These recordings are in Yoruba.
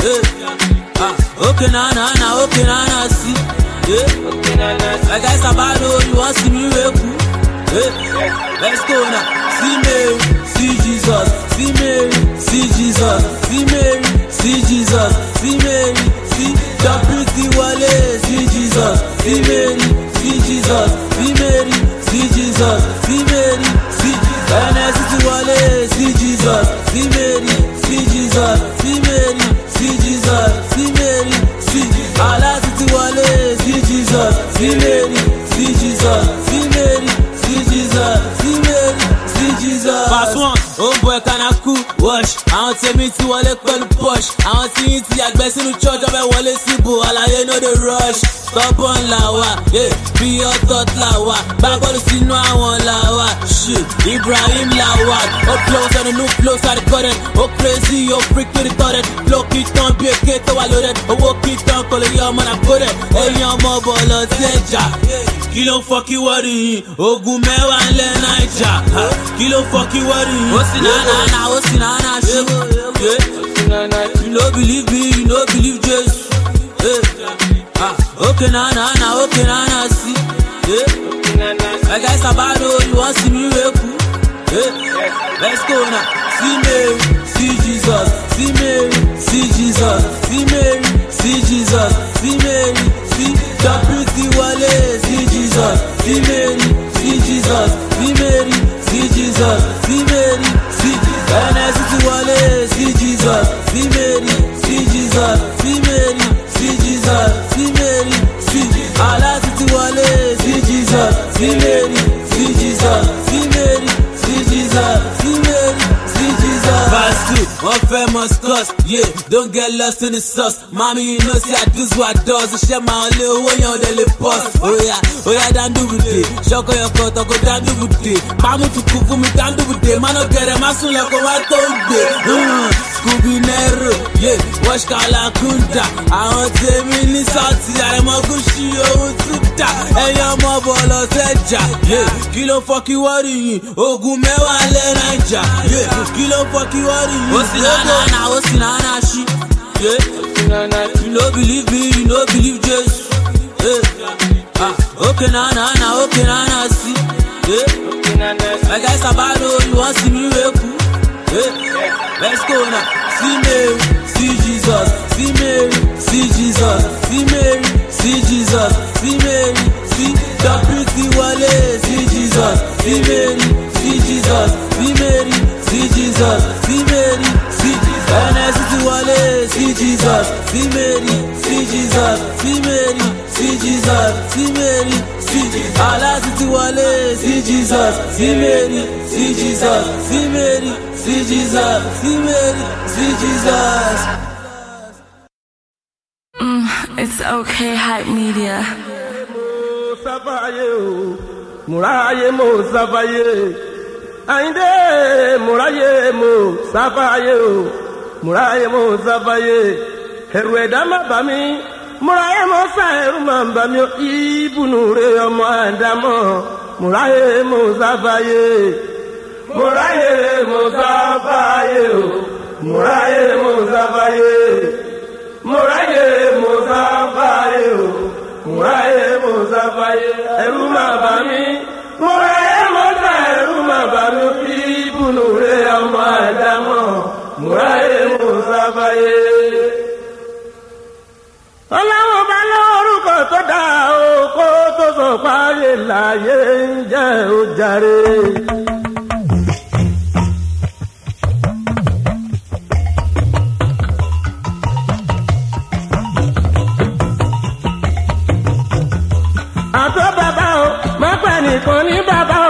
Hey. Ah, okay, na na na, okay, na na, see. Yeah. Okay, na na. See. Like I sabado, oh, you want see me wake up? Hey. Let's go now. See Mary, see Jesus. See Mary, see Jesus. See Mary, see Jesus. See Mary, see John Pretty Wale. See Jesus. See Mary, see Jesus. See Mary, see Jesus. See Mary, see. Lioness Wale. See Jesus. See Mary, see Jesus. Tanaku. wash àwọn tèmi ti wọlé pẹ̀lú push àwọn tí yín ti àgbẹ̀ sínú church ọbẹ̀ wọlé síbò àlàyé no dey rush stubborn làwà eh, bí ọtọ́t làwà gbá bọ́ọ̀lù sínú àwọn làwà Ibrahim làwà ó flow sẹ́nu new flow sáré kọ́rẹ́ ó crazy ó freak kiri tọ́rẹ́ flow kì í tán bí èké tó wà lórẹ́ owó kì í tán kò lè yẹ ọmọ náà kó rẹ̀ ẹ̀yin ọmọ bọ̀ lọ sí ẹ̀jà kí ló ń fọ kí wọ́ọ̀rì yìí ogun mẹ́wàá ń lẹ́ Naija kí ló ń fọ kí wọ́ọ̀rì yìí ó sì náà náà ó sì náà. Nana show. Yeah. You no believe me, you don't believe Jesus. Yeah. Ah, okay, Nana, nah, okay, Nana, see. Yeah. My guys are bad, oh, you want to see me wake yeah. Let's go now. See Mary, see Jesus. See Mary, see Jesus. See Mary, see Jesus. See Mary, see Deputy Wale, see Jesus. See Mary, see Jesus. See Mary, see Jesus. See Mary, see Jesus. sí Mary, sí Jesus, sí Mary, sí Jesus, sí Mary, sí aláti ti wọlé, sí Jesus, Jesus, sí Mary, sí Jesus, sí Mary, sí Jesus. Verse two, wọ́n fẹ́ yeah, don't get lost in the sauce. Mami, you know say I do what I do, ṣiṣẹ́ máa ń lé owó yẹn ò dé lè pause. Oya, oya dandubude, ṣọkọ yọkọ tọkọ dandubude, pàmò tukú fún mi dandubude, má nọ gẹrẹ má sùn lẹ́kọ̀ọ́ wá tó gbé skubinero yé wọ́ṣkàlà kúndà àwọn tèmi ní sọ́ọ̀tì àrẹ̀mọ́gún sí ohun tún dà ẹ̀yìn ọmọ bọ̀lọ̀ tẹ́jà yé kí ló fọ́ kí wọ́n rí yìí ogun mẹ́wàá lé nàìjà yé kí ló fọ́ kí wọ́n rí yìí. ó sì nánà nà ó sì nánà You no believe me, you no believe Jesus. Yeah. Ah, okay, na na na, okay, na na see. Yeah. Okay, na na. My guys, you want see Let's go now. See Mary, see Jesus. See Mary, see Jesus. See Mary, see Jesus. See Mary, see the pretty Wale. See Jesus. See Mary, see Jesus. See Mary, see Jesus. See Mary, see Jesus. Wale. See Jesus. See Mary, see Jesus. See Mary, see Jesus. See Mary, see Jesus. Allah Wale. See Jesus. See Mary, see Jesus. See Mary. Mm, it's okay, hype media. Mùráyé mo sáfáyé, Àyíndé mùráyé mo sáfáyé o, mo sáfáyé, ẹ̀rù ẹ̀dá má bà mo sá ẹ̀rù má bà mí, ìbùnú rẹ̀ mo sáfáyé. múráyè mùsàfáyé o múráyè mùsàfáyé múráyè mùsàfáyé o múráyè ma bá mi ọmọ tó dáa o kó tó láyé ń jẹ́ nìkan ní bàbá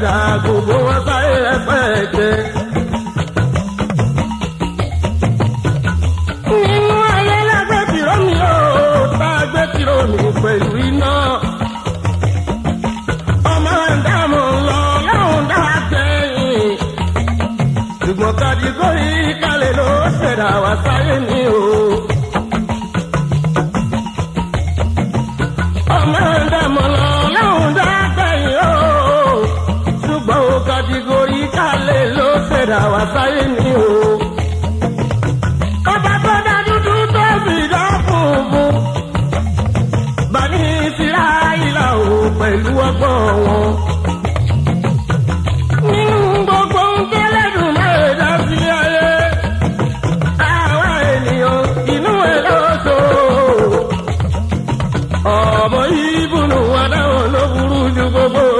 padà gbogbo wa sáré rẹpẹtẹ. nínú ayé lágbé tìró mi ò bá gbé tìró mi pẹ̀lú iná. ọmọ ẹ̀dá mo ń lọ láwọn dá sẹ́yìn. ṣùgbọ́n kàdígórí kalẹ̀ ló ṣẹ̀dá wa sáyé mi o. sáyé mi o. ọba tó dá dúdú tó sì dá funfun. bani ìsirá ìlà o pẹ̀lú ọgbọ́n wọn. nínú gbogbo ń kẹ́lẹ́ dùn mọ́ ẹ̀dá sí ayé. àwa wa dáhùn ló burú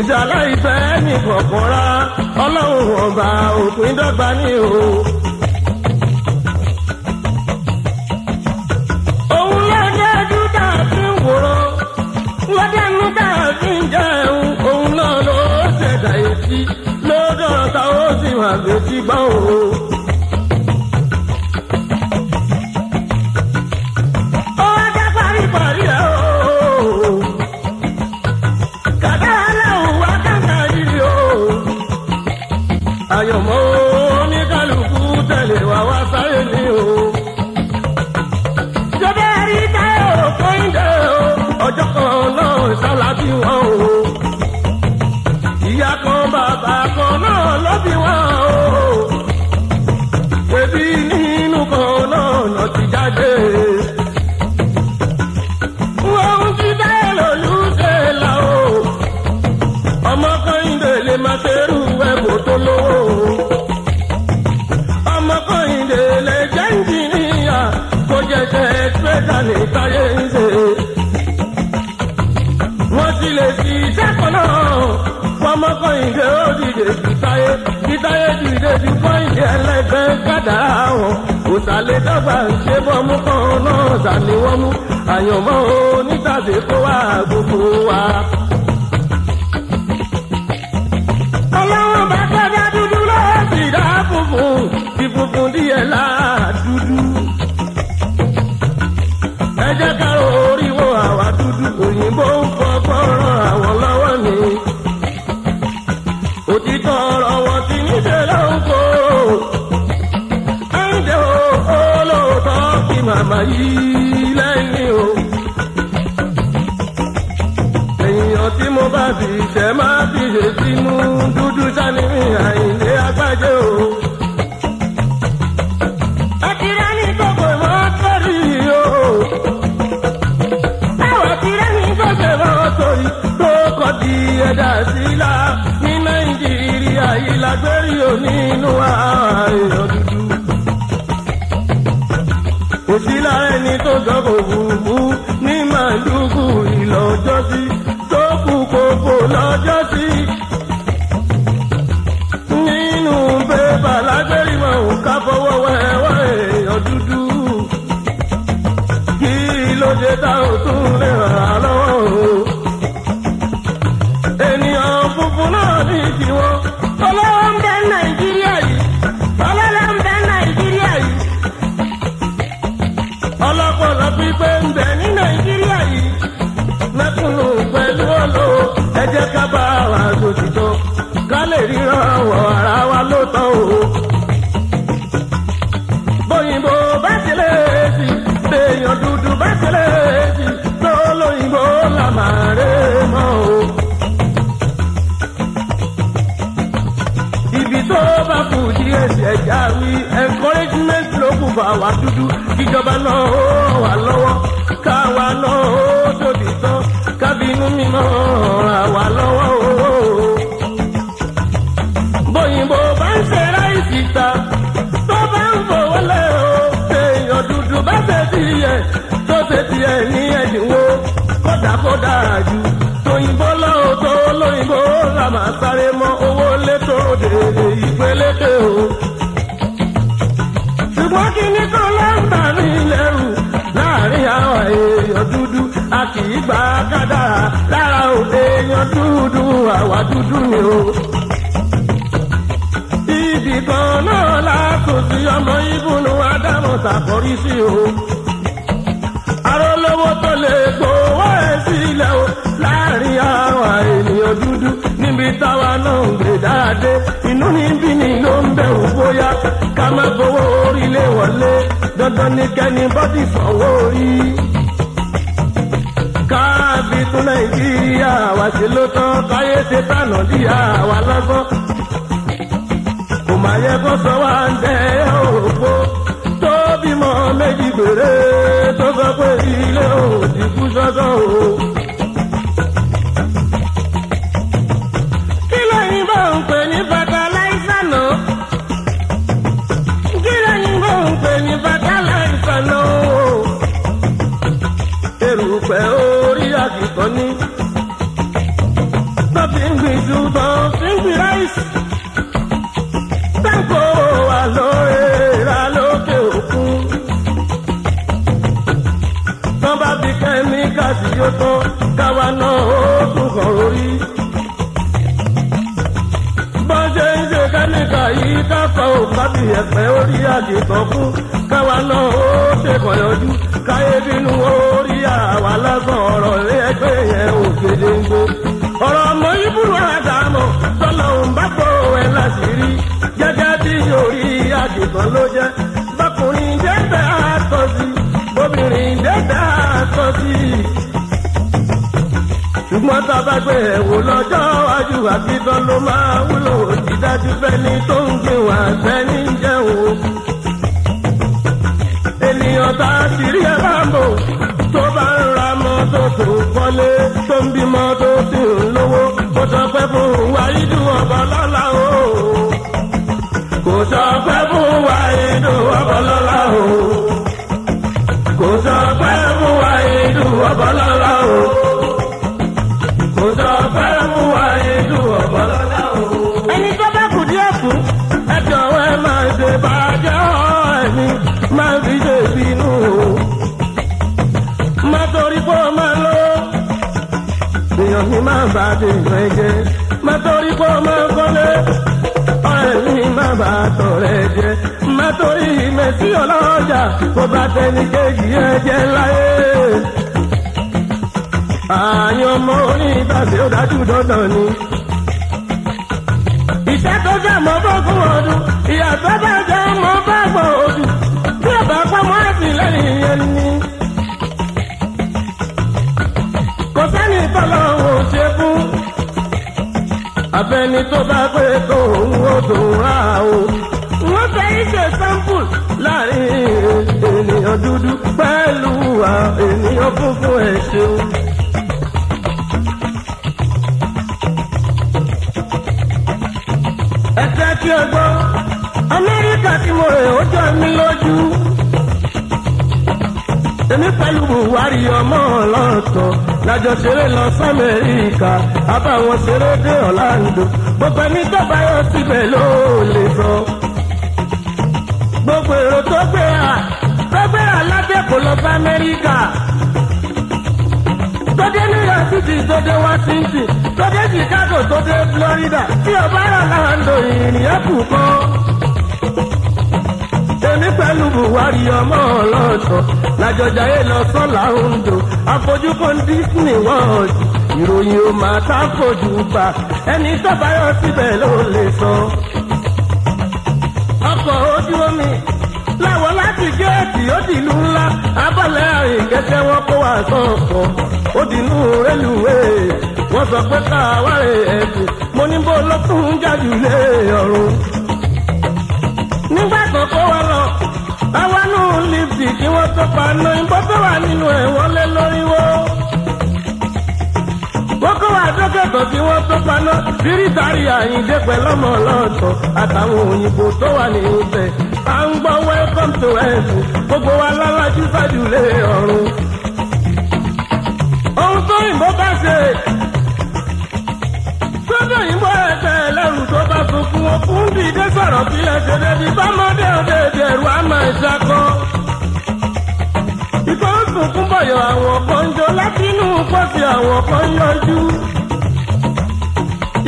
ìjà láìfẹ́ ní kọ̀kọ́rá ọlọ́run ọba òpin dọ́gba ní o. òun lọ́dẹ́jú tá a fi ń wòrán lọ́dẹ́nu tá a fi ń jẹun òun náà ló ṣẹ̀dá etí ló dọ̀rọ̀ ó sì wà létí gbọ́n o. kẹ́hìndé ó dìde ju táyé kí táyé dìde ju pọ́ǹsì ẹlẹ́gbẹ́ kádà àwọn òsàlẹ̀ dọ́gba ṣe bọ́mú kan náà sàníwọ́mú àyànmọ́ onítàdé kó wá gbogbo wa. ọlọ́run bá kọjá dúdú lọ́wọ́ sí ìdá funfun ti funfun díẹ̀ láà ẹ jẹ́ ká o. yìí lẹ́yìn o. èèyàn tí mo bá fi ìṣẹ́ mi àìlè agbájé o. ẹ̀kìrẹ́ ní gbogbo ìmọ̀ sórí o. ẹ̀wọ̀n di ẹ̀dá sílá ní Nàìjíríà yìí lágbérí o nínú ààrẹ ọdún sí lára ẹni tó dọ́kọ̀ òwúrú ní màdùkù ìlọ́jọ́ sí tó kù kókó lọ́jọ́ sí. nínú bébà lágbèrè wọn ò fọwọ́ wẹ́wẹ́. o. bóyìnbó bá tẹ̀lé sí lèèyàn dúdú bá tẹ̀lé sí tó lóyìnbó là máa rè mọ́ o. ibi tó bá kù díẹ̀ sí ẹja wí encouragement ló kù bá wa dúdú ìjọba náà ó wà lọ́wọ́ káwa náà ó tòbí tán kábínú mímọ́ ra wa lọ́wọ́ o. tiẹ̀ tó ṣe tiẹ̀ ní ẹ̀dínwó kódà jù tòyìnbó lọ́wọ́ tó lóyìnbó là máa sáré mọ́ owó létò òdèrè ìgbélékè o. ṣùgbọ́n kí ni kò lẹ́ńtà ní ìlẹ́rù láàrin àwọn èèyàn dúdú a kì í gbà kádàrá lára òde èèyàn dúdú àwa dúdú ni o ibì kan náà látòsí ọmọ ibùnú ádámù ṣàkórí sí o lè gbowó ẹ̀ sílẹ̀ o láàrin àwọn ènìyàn dúdú níbi táwa náà ń gbé dáadé inú níbí ni ló ń bẹ̀rù bóyá ká má fowó orílẹ̀ wọlé dandan ní kẹ́ni bọ́dì sanwó rí. káàbí tún nàìjíríà wá sí ló tán káyé ṣe tànà díà wá lọ́gbọ́n kò má yẹ kó sọ wá ń tẹ́ ẹ́ òpó ọmọ méjì péré tó sọ pé ilé ò ti kú sọ́sọ́ o. kí lóyìn bá ń pè ní fataláísà náà kí lóyìn bá ń pè ní fataláísà náà ẹ̀mí kàsí yóò tán káwa náà ó tún kàn lórí. bọ́ńṣẹ́ ń ṣe kẹ́míkà yìí káfa òkàbí ẹ̀pẹ́ orí àgìtàn fún káwa náà ó ṣèkàn yọjú káyé bínú orí àwa lásán ọ̀rọ̀ ilé ẹgbẹ́ yẹn ò gédéńgbé. ọ̀rọ̀ ọmọ ìbúrú àdàmọ̀ tọ́lọ̀ ń bá pọ̀ ẹ̀ láṣìírí gẹ́gẹ́ bí orí àgìtàn ló jẹ́. rántí. ṣùgbọ́n tá a bá gbé ẹ̀wò lọ́jọ́ iwájú àbíbọn ló máa wúlò dídájú fẹ́ni tó ń gbìn wá fẹ́ni ń jẹun. ènìyàn tá a sì rí ẹ bá mọ̀ tó bá ń ra mọ́tò tó kọ́lé tó ń bímọ tó sì ń lówó kó sọ pé fún wáyé dùn ọ̀bọ̀ o kò sọ pé fún wáyé dùn ọ̀bọ̀ di gbẹ̀gẹ́ má torí kó má kọ́lé ọ̀rẹ́ mi má bà tọ̀rẹ́ jẹ má torí mẹ́sí ọlọ́jà kó bá tẹni kejì ẹ jẹ láyé. àyàn ọmọ orí ìtàsé ó dájú dandan ni. ìṣẹ́ tó bá jẹ́ mọ́ bá gbọ́ ojú tí ọ̀bá pamọ́ àtìlẹ́yìn yẹn ni. kò sẹ́ni tọ́lọ́run ṣe fún abẹni tó bá pé tó ń wò tó ń rà o. wọ́n fẹ́ ṣe sample láàrin ènìyàn dúdú pẹ̀lú ènìyàn funfun ẹ̀ ṣeun. ẹ jẹ́ kí ẹ gbọ́ amẹ́ríkà tí mo rè ó jọ mí lójú. Táyù Buhari ọmọ ọlọ́tọ̀ lájọ ṣeré lọ sàmẹ́ríkà àbáwọn ṣeré dé Orlando gbogbo ẹni tó bá yọ síbẹ̀ ló lè sọ. gbogbo èrò tó gbé à tó gbé à lábẹ́ kò lọ sàmẹ́ríkà tó dé New York City tó dé Washington tó dé Chicago tó dé Florida tí ọba rà láhàndó ìrìn ẹ̀kú kan. èmi pẹ̀lú buhari ọmọ ọlọ́ṣọ́ làjọjà yé lọ sọ́la ondo àfojúkọ disney world ìròyìn ò máa ta fojú bá ẹni tọ́bayọ̀ síbẹ̀ ló lè sọ. ọkọ̀ ojú omi láwọ̀ láti géètì ó ńlá abọ́lẹ̀ wọn kó sọ̀kọ̀ ó sọ pé ẹ̀dùn mo ní bó jáde nígbà tó kó wa lọ báwa nù lífì kí wọ́n tó pa ná ìbọn tó wà nínú ẹ̀ wọlé lórí wo. Boko wa dókètò tí wọ́n tó paná bíríkàrí àyíndé pẹ̀lú ọmọ ọlọ́ọ̀tọ̀ àtàwọn òyìnbó tó to gbogbo wa lálájú sájú lé Ohun tó yìnbó lọ́dọ̀ yìí bọ́ ẹ̀tẹ̀ ẹlẹ́rù tó bá sunkún okùn dìde sọ̀rọ̀ bí ẹsẹ̀ débi bámọ́dé òde èdè ẹ̀rù àmọ́ ìṣàkọ́. ìkọ́ sunkún bọ̀yọ̀ àwọn kan láti inú pọ́sì àwọn kan yọjú.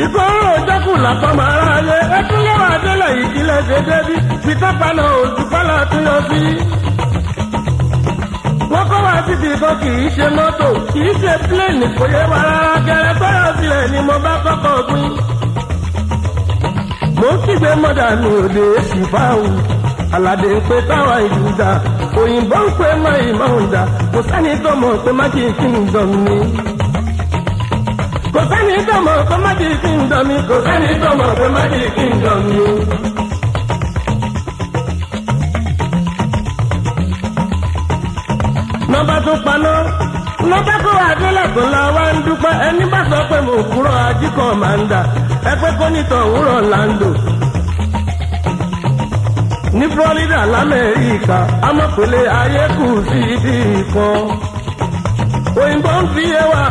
ìkọ́ òjọ́kù làpọ̀ máa rà lé ẹtúlẹ́wà délẹ̀ ìdílé dédé bí fìtọ́pàá náà òṣùpá làtúnyọ sí wọ́n kọ́ wá títí kan kì í ṣe mọ́tò kì í ṣe pílẹ̀nì kò yé wa rárá gẹrẹ fẹ́rẹ̀ sílẹ̀ ni mo bá kọ́kọ́ gbin. mo ń kígbe mọ́dà mi ò lè sì bá wù aládé ń pe táwa ìlú dà òyìnbó ń pe mọ́ ìmọ̀ ń dà kò sẹ́ni tó mọ̀ pé má kì í kí ń dán mi. kò sẹ́ni tó mọ̀ pé má kì í kí ń dán mi kò sẹ́ni tó mọ̀ pé má kì í kí ń dán mi. lọ́ba tún paná lọ́ba kó adélẹ́kùn la wá ń dúpẹ́ ẹni bá sọ pé mo kúrò ajíkọ̀ máa ń dà ẹgbẹ́ kó nítọ̀ òwúrọ̀ là ń lò. ní Florida lamẹ́ríkà amọ̀pẹ̀lẹ̀ ayé kù sí ibi kan. òyìnbó ń fi yé wa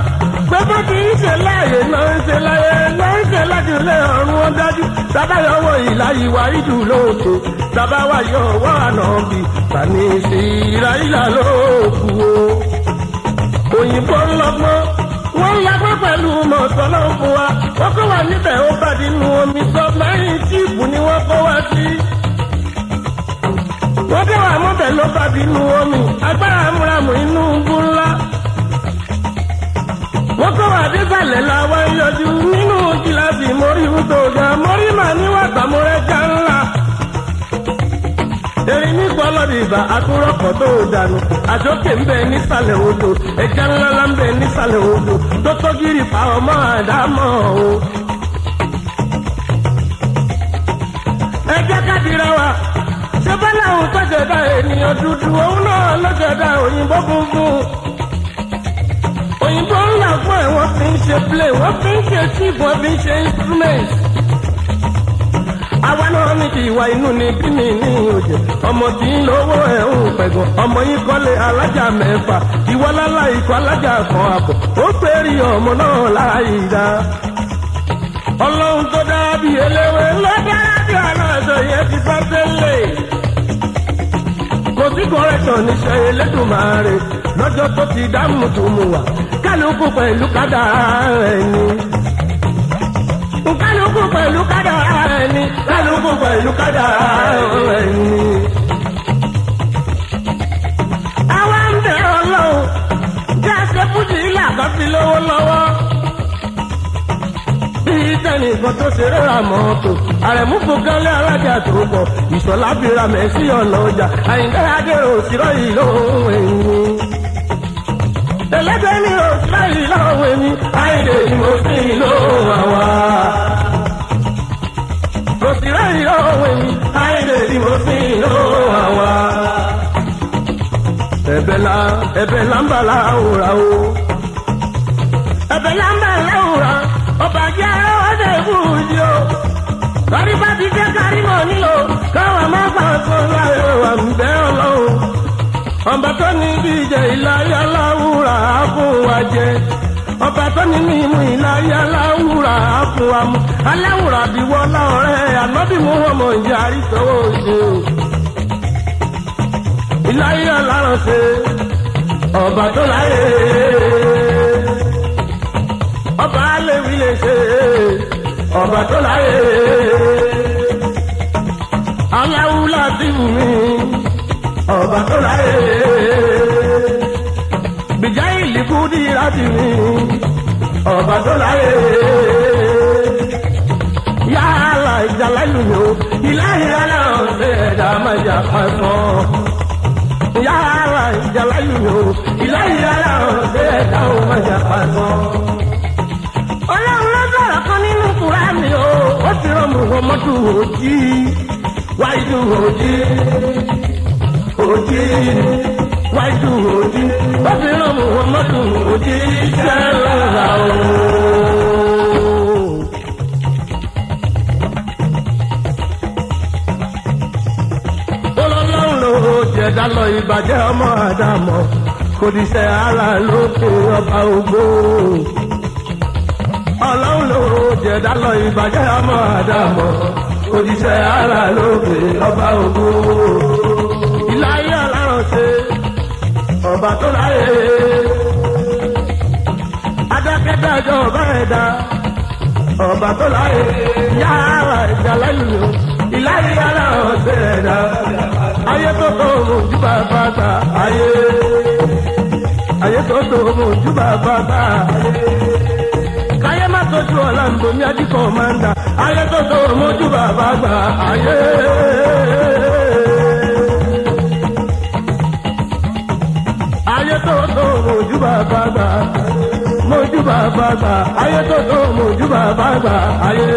pépé kì í ṣe láàyè náà ń ṣe láyé náà ń ṣe láti lé ọ̀run ó dájú sábàyọ̀ wọ ìlà ìwà ìdù lóòótọ́ sábàwáyọ̀ wọ àná bí sani sí ìlà ìlà lóòkù o òyìnbó ń lọgbọ́n wọ́n ń lagbọ́n pẹ̀lú mọ̀ọ́sán náà fún wa wọ́n kọ́ wa níbẹ̀ ó bàdí nu omi sọ mẹ́rin tíìpù ni wọ́n kọ́ wa sí wọ́n bẹ̀ wà ló bàdí nu omi agbára amúramù inú ń ńlá. Boko Adésàlẹ̀ làwọn yọjú nínú kíláàsì mórí wúto gan mórí mà níwà tàmúrẹ́ já ńlá. Erin ní gbọ́lọ́dì ìbà tó dànù. Àjókè ń bẹ nísàlẹ̀ odò, ẹja ńlá ń bẹ nísàlẹ̀ odò. pa ọmọ àdámọ̀ o. Ẹ jẹ́ wa ṣé bá tó ṣẹ̀dá ènìyàn dúdú òun náà ló ṣẹ̀dá òyìnbó òyìnbó ń fún ẹ fi ń ṣe play wọ́n fi ń ṣe chip wọ́n fi ń ṣe instrument. àwa náà ní ti ìwà ni kí ní òjò ọmọ tí ń ẹ̀ ń pẹ̀gàn ọmọ yín kọ́lé alájà mẹ́fà ìwọ́lálá ikọ̀ alájà kan àbọ̀ ó ọmọ náà láàyè dá. ọlọ́run tó dábì eléwé ló dára bí yẹn ti bá tẹ́lẹ̀. kò sí lọ́jọ́ tó ti dá kálukú pẹ̀lú kádàrá ẹni. kálukú pẹ̀lú kádàrá ẹni. kálukú pẹ̀lú kádàrá ẹni. àwa ń bẹ̀rẹ̀ ọlọ́run jẹ́ àṣẹ fújì ilé àkọ́sí lówó lọ́wọ́. bíi tẹ́nì kan tó ṣe rẹ́ra mọ́tò àrẹ̀mú kò gánlé alájà tó pọ̀ ìṣọ̀lá bíra mẹ́sì ọ̀nà ọjà àyíká adé òsì rọ́yìn lóhùn ẹ̀yìn ẹlẹ́dẹ̀ mi ò sáyì láwọn èmi àìdè ni mo sì lò àwa. kò sí láyì láwọn èmi àìdè ni mo sì lò àwa. ẹ̀bẹ̀ la ẹ̀bẹ̀ la ń bà láwùrà o. ẹ̀bẹ̀ la ń bà láwùrà ọba jẹ́ ọdẹ ìwúrí o. lórí bá ti jẹ́ kárí mọ̀ nílò káwọn máa gbà sọ́ra ẹ̀rọ àmì bẹ́ẹ̀ ọlọ́run. ọba tó ní bí ìjẹ ìlàyé aláwùrà á jẹ ọba tó ní ní ìmú ìlàyé aláwùrà bí ànábì mú ọmọ ìyá àríṣọwọ ṣe o ọba tó láyé ọba lè ṣe ọba tó láyé ọba tó láyé. bìjà ìlíkù ní láti mi ọba tó láyé. yálà ìjà lẹ́yìn o ìlà ìyálà ọ̀sẹ̀ ẹ̀dá máa jà pàṣọ. yálà ìjà lẹ́yìn o ìlà ìyálà ọ̀sẹ̀ ẹ̀dá máa jà pàṣọ. ọlọ́run ló sọ̀rọ̀ kan o ti rọ̀ mọ̀ wọ́n mọ́tò òjì wáyé òjì òjì wájú òjì ó fi ràn Muhammadu òjì sẹ́ńlá o. ẹ̀dá lọ ìbàjẹ́ ọmọ àdàmọ̀ kò ní sẹ́ ara lókè ọba ògbó. ọlọ́run ló jẹ̀dá lọ ìbàjẹ́ ọmọ àdàmọ̀ kò ní sẹ́ ara lókè ọba ògbó láyé ọlọ́run ṣe ọba tó láyé adákẹ́dá ọjọ́ ọba ẹ̀dá ọba tó láyé yára ìjàlẹ́yìn o ìláyé ọlọ́run ṣe ẹ̀dá ayé tó tó mú ojú bàbá ta ayé ayé tó tó mú ojú bàbá ta ayé ayé má tójú ọ̀la ń bomi adìkọ̀ máa ń dà ayé tó tó mojú bàbá gbà ayé. ayé tó tó mojú bàbá gbà mojú bàbá gbà ayé tó tó mojú bàbá gbà ayé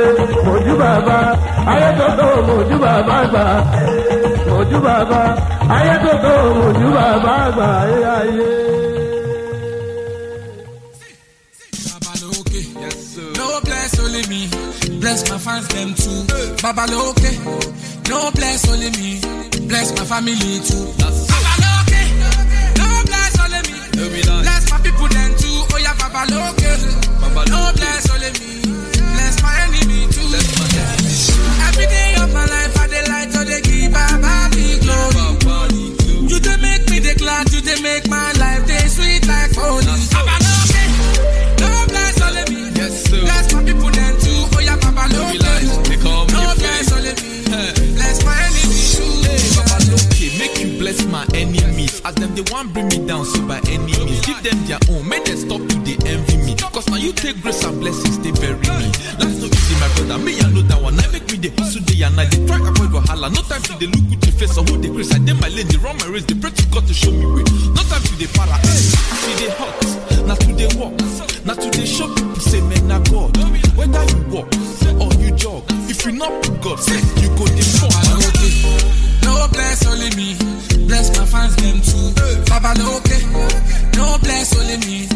mojú bàbá ayé tó tó mojú bàbá gbà mojú No bless only me, bless my fans them too. Babaloke, no bless only me, bless my family too. Babaloke. Let Bless my people then too. Oh yeah, Baba Loke. Baba Loke. Oh bless all of me. Take grace and blessings they bury me. Life no easy, my brother. Me, I know that one. I make me the hustle day and night. They try avoid wahala. No time to they look good face or who the grace. I them my lane, they run my race. They pray to God to show me way. No time to they para. Hey, eh, see they hot. Now to they walk. Now to they show people say men are God. Whether you walk or you jog, if you not put God, say you go the fuck. No bless only me. Bless my fans them too. Baba eh. no okay. No bless only me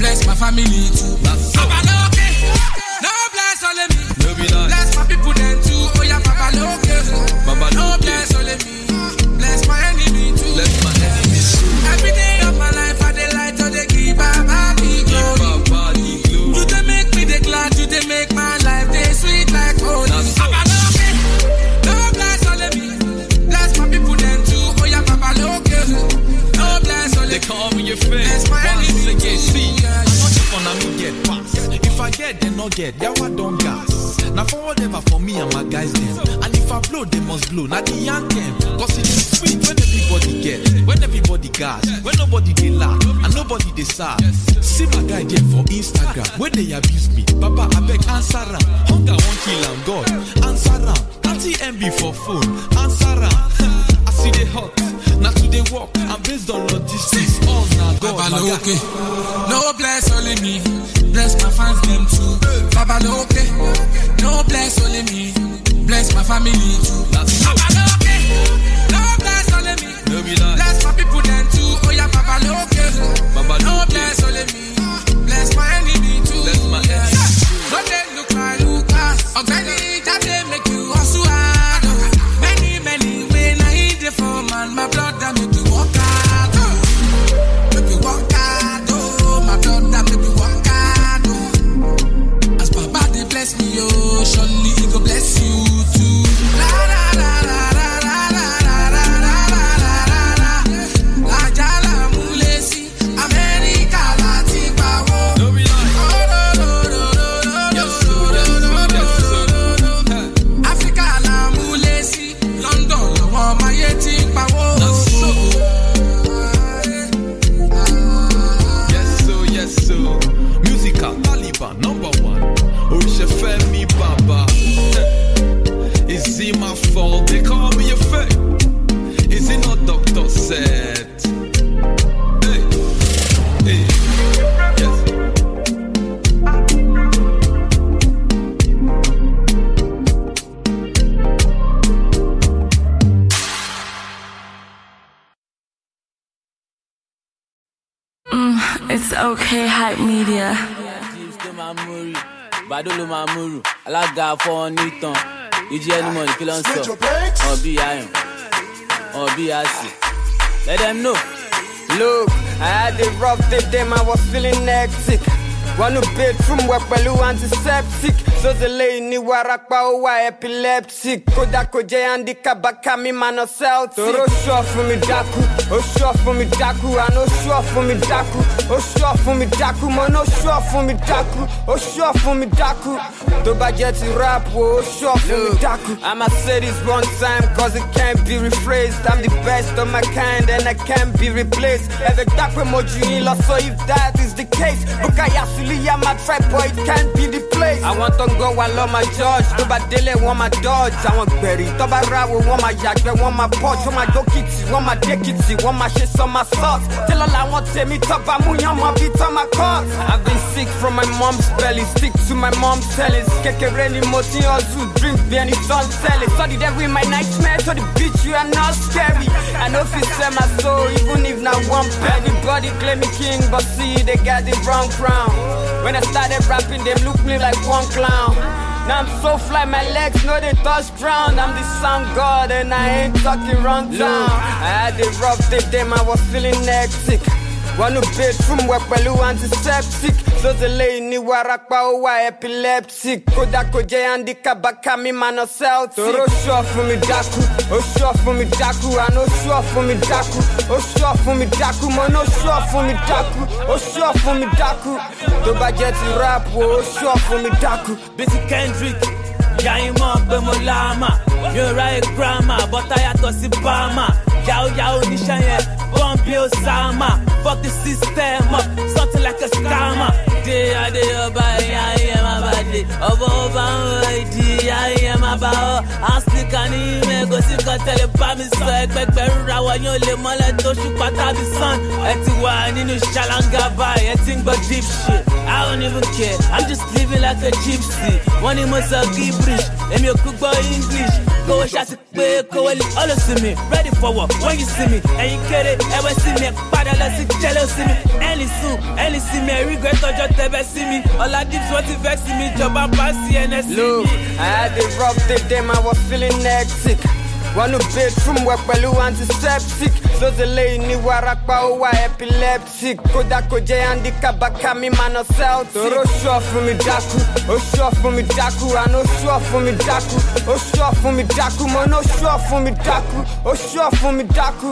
bless my family too. Papa Loki. no bless only me. No be that. Bless my people then too. Oh yeah, Papa no okay. Papa no bless only me. Bless my get, they not get, that one don't gas. Now for whatever uh, for me and my guys them. And if I blow, they must blow. Now the anthem, cause it is sweet when everybody get, when everybody gas, when nobody they laugh and nobody they sad. See my guy there for Instagram, when they abuse me, Papa I beg answer him. Hunger won't kill him, God answer him. 30 MB for phone, answer him. I see they hot. Now today walk, I'm based on logistics. All now God, Baba, okay. No bless only me. Bless my fans, them too. Baba no No bless only me. Bless my family too. Baba no No bless only me. Bless my people them too. Oh yeah, Baba no No bless only me. Bless my enemy too. Bless my enemy too. Don't they look my Lucas? Ọ̀gbẹ́ni jáde. It's okay, hype media. alága ìjì ń sọ, ayọ̀, àṣì. Let them know. Look, I had a rough day, then I was feeling hectic. One bedroom where pẹ̀lú antiseptic Sozele ni warapa wa epileptic Kódà kò jẹ́ handicap mi ma Celtic Toro sọ fún mi dákú, ó sọ fún mi dákú Àná ó sọ fún mi dákú, ó sọ fún mi dákú Mọ ó sọ fún mi dákú, ó sọ fún mi dákú Tó bá jẹ́ rap o, ó sọ fún mi dákú I'ma say this one time cause it can't be rephrased I'm the best of my kind and I can't be replaced Ẹ̀fẹ̀ dápẹ́ mo jù yín lọ so if that is the case Bukaya Sule Really, I'm a trap boy, it can't be the I want tó ń gbọ́ wa lọ my judge I want délé wọ́n my dodge àwọn want my bá want my máa want my máa purge want my dick wọ́n want my shit, máa my socks. salt tẹ́lọ̀ làwọn want tó bá money on my bí tó my car. I've been sick from my mom's belly stick to my mom's telling kékeré ni mo ti yan zoo drink bí it's tó ń so the devil in my nightmare to the bitch you are not scary I if you sell my soul even if not one penny body claim me king but see they got the wrong crown. When I started rapping, them looked me like one clown. Now I'm so fly, my legs know they touch ground. I'm the sun god and I ain't talking rundown. I had a rough day, them? I was feeling hectic. Wanu bedroom wa pẹ̀lú antiseptic lóṣèlè ní warapa ó wà epileptic kódà kò jẹ́ handicap bàkà mi máa nà celtic. tòró ṣọ́ fún mi dákú ó ṣọ́ fún mi dákú àná ó ṣọ́ fún mi dákú ó ṣọ́ fún mi dákú mo ní ó ṣọ́ fún mi dákú ó ṣọ́ fún mi dákú tó bá jẹ́ ti rap o ó ṣọ́ fún mi dákú. bísí Kendrick yàyín mọ̀ pé mo láàmà mi ò ráyè gírámà bọ́tà yàtọ̀ sí báàmà yàwó yàwó oníṣẹ́ yẹn bọ́ǹbì ó sáàmà. Fuck the system up, something like a scammer. Day I day over, oh, I am a about of all over, I am a about. Asli kani me go si ka tele pa mi so ẹgbẹ gbẹrun ra wa yan le mọlẹ tó ṣùpá the sàn. Ẹ ti wà in ṣàlàngà báyìí, ẹ ti ń but deep shit. I don't even care, I'm just living like a gypsy. Wọ́n ní mo sọ gibrish, èmi your kú gbọ́ English. kówó ṣáṣí pé kówó ready for what when you see me ẹ̀yin kéré ẹ̀wẹ̀ sí mi padà lọ see jẹ́lẹ̀ sí mi ẹ̀lì see me regret mi just gbé tọ́jọ́ me all i ọ̀la dips wọ́n ti fẹ́ sí mi ìjọba pa cns. look i had it rough day then i was feeling hectic. wọnú bedroom wẹ pẹ̀lú antiseptic lóṣèlè ìní warapa ó wà epileptic kódà kò jẹ́ handicap bàkà mi máa nà celtic. tòró ṣọ́ fún mi dákú ó ṣọ́ fún mi dákú àná ó fún mi dákú ó ṣọ́ fún mi dákú mo ní ó ṣọ́ fún mi dákú ó ṣọ́ fún mi dákú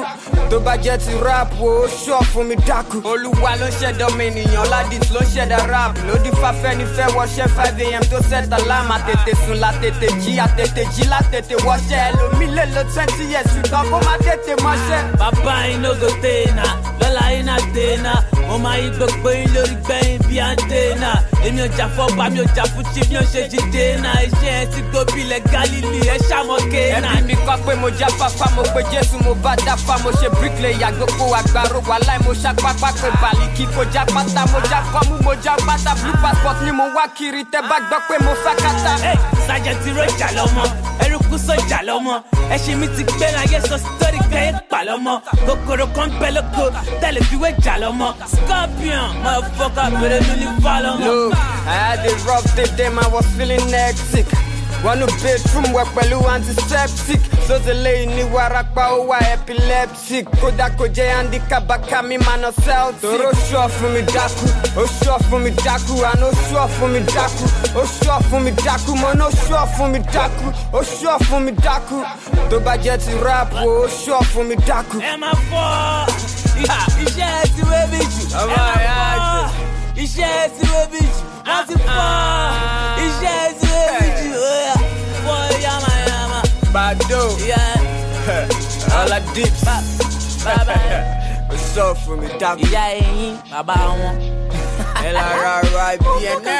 tó bá jẹ́ ti rap wo ó ṣọ́ fún mi dákú. olúwa ló ń ṣẹ̀dá ọmọ ènìyàn ládìs ló ń ṣẹ̀dá rap lódì fáfẹ́ ní fẹ́ wọṣẹ́ five am tó ṣẹ̀dá láàmà tètè sùn látètè jí àtètè jí látètè wọṣẹ́ ẹlòmílẹ̀ L'autre 20 yes, you talk on my tete, my Papa, you no go stay lọ́la iná dènà mo máa yí gbogbo yín lórí gbẹ̀yìn bí à èmi ò jà fọ́gbà mi ò jà fún chief mi ò ṣe jí dènà iṣẹ́ ẹ ti gbóbi ilẹ̀ galilei ẹ ṣàmọ́ kéènà. ẹbí mi kọ́ pé mo jáfáfá mo pe jésù mo bá dáfá mo ṣe bricklayer gbogbo àgbàro wà láì mo ṣàpápá pé bàlíkì kò já pátá mo já fọ́mú mo já pátá blue passport ni mo wá kiri tẹ́ bá gbọ́ pé mo fá kátá. sájẹ̀tì rọ́jà lọ́mọ eruku sọ́jà lọ́mọ ẹṣin mi ti gbẹ́ràn ayé sọ sítórì kẹ́yẹ́ pàlọ́mọ kòkòrò kan bẹ́ lóko Tell if you a Jalama. Scorpion, motherfucker, better than you follow me. Look, I had it rough I was feeling hectic. wọnú bedroom wẹ pẹ̀lú antiseptic sóṣèlè ní warapa ó wà epileptic kódà kò jẹ́ handicap bàkà mi máa nà celtic. tòró ṣọ́ fún mi dákú ó ṣọ́ fún mi dákú àná ó fún mi dákú ó ṣọ́ fún mi dákú mọ́ ní ó ṣọ́ fún mi dákú ó ṣọ́ fún mi dákú tó bá jẹ́ ti rap o ó ṣọ́ fún mi dákú. ẹ máa fọ́ iṣẹ́ ẹ ti wé mi jù. ọmọ ìyá jù. iṣẹ́ ẹ̀sìnwé bí jù I ti fọ́ iṣẹ́ ẹ̀sìnwé bí jù óyà fọ́ yamayama. Bado ọ̀la dips sọ fún mi dákú. Ìyá ẹyin bàbá wọn. Ẹ lára ra ibi ẹ̀ náà.